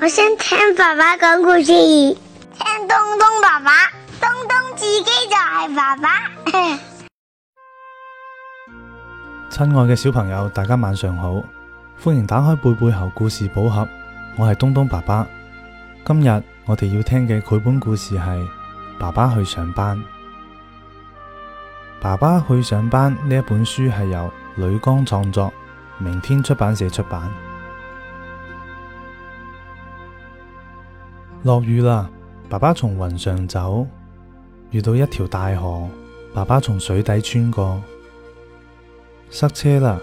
我想聽爸爸講故事，聽東東爸爸，東東自己就係爸爸。親 愛嘅小朋友，大家晚上好，歡迎打開貝貝猴故事寶盒，我係東東爸爸。今日我哋要聽嘅繪本故事係《爸爸去上班》。爸爸去上班呢一本書係由呂江創作，明天出版社出版。落雨啦，爸爸從雲上走，遇到一條大河，爸爸從水底穿過。塞車啦，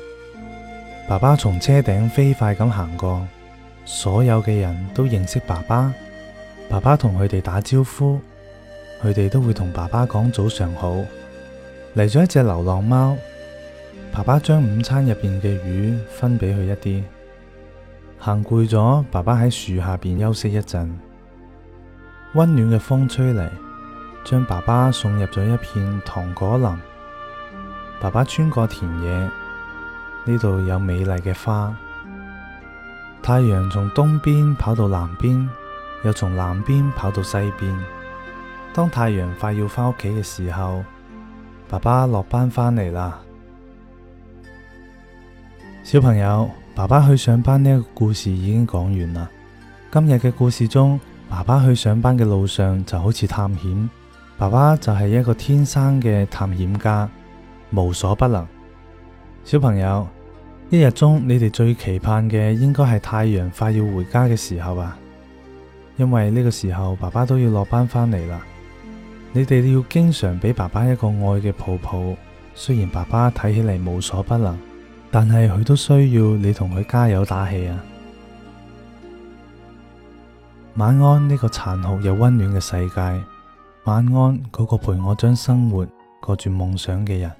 爸爸從車頂飛快咁行過。所有嘅人都認識爸爸，爸爸同佢哋打招呼，佢哋都會同爸爸講早上好。嚟咗一隻流浪貓，爸爸將午餐入邊嘅魚分俾佢一啲。行攰咗，爸爸喺樹下邊休息一陣。溫暖嘅風吹嚟，將爸爸送入咗一片糖果林。爸爸穿過田野，呢度有美麗嘅花。太陽從東邊跑到南邊，又從南邊跑到西邊。當太陽快要返屋企嘅時候，爸爸落班翻嚟啦，小朋友，爸爸去上班呢個故事已經講完啦。今日嘅故事中，爸爸去上班嘅路上就好似探險，爸爸就係一個天生嘅探險家，無所不能。小朋友，一日中你哋最期盼嘅應該係太陽快要回家嘅時候啊，因為呢個時候爸爸都要落班翻嚟啦。你哋要經常俾爸爸一個愛嘅抱抱，雖然爸爸睇起嚟無所不能，但係佢都需要你同佢加油打氣啊！晚安呢個殘酷又溫暖嘅世界，晚安嗰個陪我將生活過住夢想嘅人，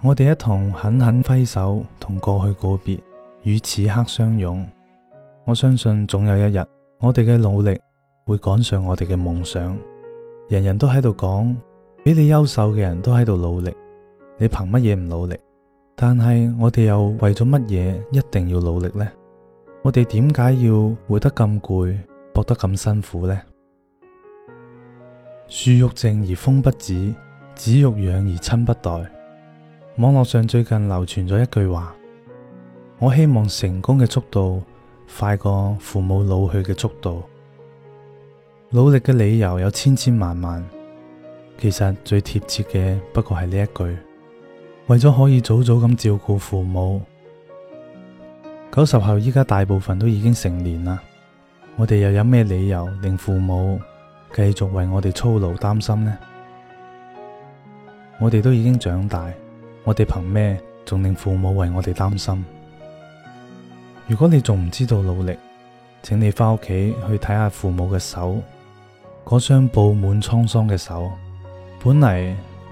我哋一同狠狠揮手同過去告別，與此刻相擁。我相信總有一日，我哋嘅努力會趕上我哋嘅夢想。人人都喺度講，比你優秀嘅人都喺度努力，你憑乜嘢唔努力？但係我哋又為咗乜嘢一定要努力呢？我哋點解要活得咁攰，搏得咁辛苦呢？樹欲靜而風不止，子欲養而親不待。網絡上最近流傳咗一句話：我希望成功嘅速度快過父母老去嘅速度。努力嘅理由有千千萬萬，其實最貼切嘅不過係呢一句：為咗可以早早咁照顧父母。九十後依家大部分都已經成年啦，我哋又有咩理由令父母繼續為我哋操勞擔心呢？我哋都已經長大，我哋憑咩仲令父母為我哋擔心？如果你仲唔知道努力，請你翻屋企去睇下父母嘅手。嗰雙布滿滄桑嘅手，本嚟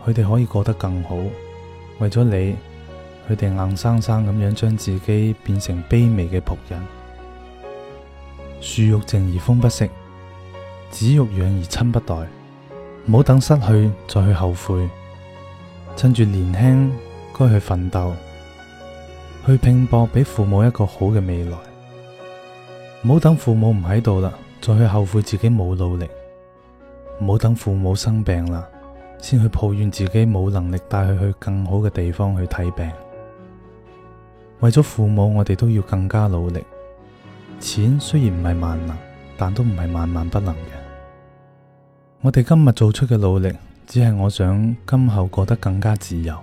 佢哋可以過得更好，為咗你，佢哋硬生生咁樣將自己變成卑微嘅僕人。樹欲靜而風不息，子欲養而親不待。唔好等失去再去後悔，趁住年輕，該去奮鬥，去拼搏，俾父母一個好嘅未來。唔好等父母唔喺度啦，再去後悔自己冇努力。唔好等父母生病啦，先去抱怨自己冇能力帶佢去更好嘅地方去睇病。為咗父母，我哋都要更加努力。錢雖然唔係萬能，但都唔係萬萬不能嘅。我哋今日做出嘅努力，只係我想今後過得更加自由。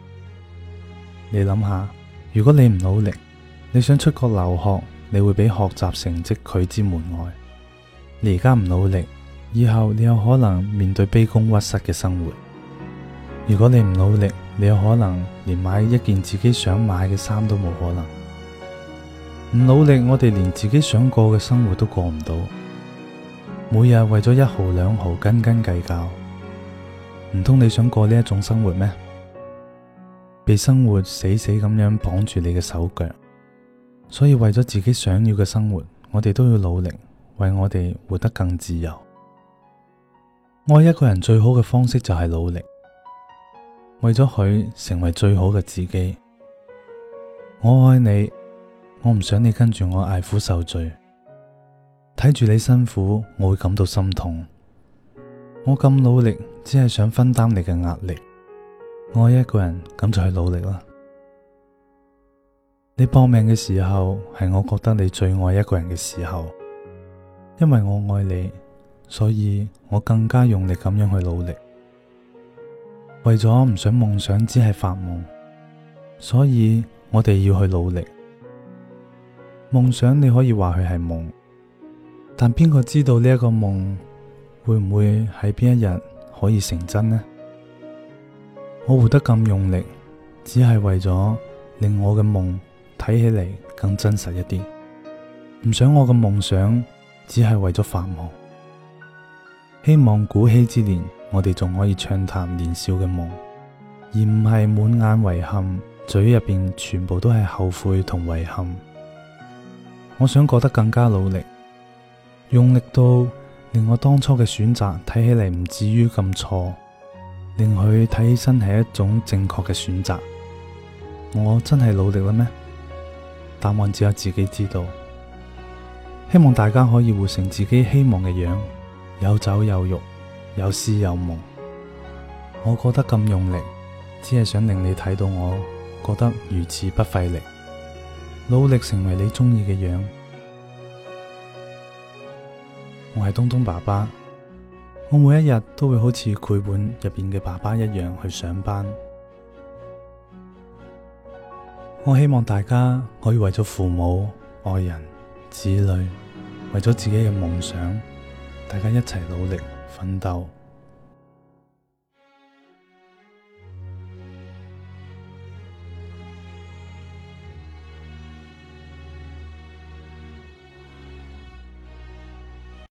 你諗下，如果你唔努力，你想出國留學，你會俾學習成績拒之門外。你而家唔努力。以後你有可能面對卑躬屈膝嘅生活。如果你唔努力，你有可能連買一件自己想買嘅衫都冇可能。唔努力，我哋連自己想過嘅生活都過唔到。每日為咗一毫兩毫斤斤計較，唔通你想過呢一種生活咩？被生活死死咁樣綁住你嘅手腳。所以為咗自己想要嘅生活，我哋都要努力，為我哋活得更自由。愛一個人最好嘅方式就係努力，為咗佢成為最好嘅自己。我愛你，我唔想你跟住我捱苦受罪，睇住你辛苦我會感到心痛。我咁努力只係想分擔你嘅壓力。愛一個人咁就去努力啦。你搏命嘅時候係我覺得你最愛一個人嘅時候，因為我愛你。所以我更加用力咁樣去努力，為咗唔想夢想只係發夢，所以我哋要去努力。夢想你可以話佢係夢，但邊個知道呢一個夢會唔會喺邊一日可以成真呢？我活得咁用力，只係為咗令我嘅夢睇起嚟更真實一啲，唔想我嘅夢想只係為咗發夢。希望古稀之年，我哋仲可以暢談年少嘅夢，而唔係滿眼遺憾，嘴入邊全部都係後悔同遺憾。我想過得更加努力，用力到令我當初嘅選擇睇起嚟唔至於咁錯，令佢睇起身係一種正確嘅選擇。我真係努力啦咩？答案只有自己知道。希望大家可以活成自己希望嘅樣。有酒有肉，有詩有夢，我過得咁用力，只係想令你睇到我過得如此不費力。努力成為你中意嘅樣，我係東東爸爸，我每一日都會好似繪本入邊嘅爸爸一樣去上班。我希望大家可以為咗父母、愛人、子女，為咗自己嘅夢想。大家一齊努力奮鬥。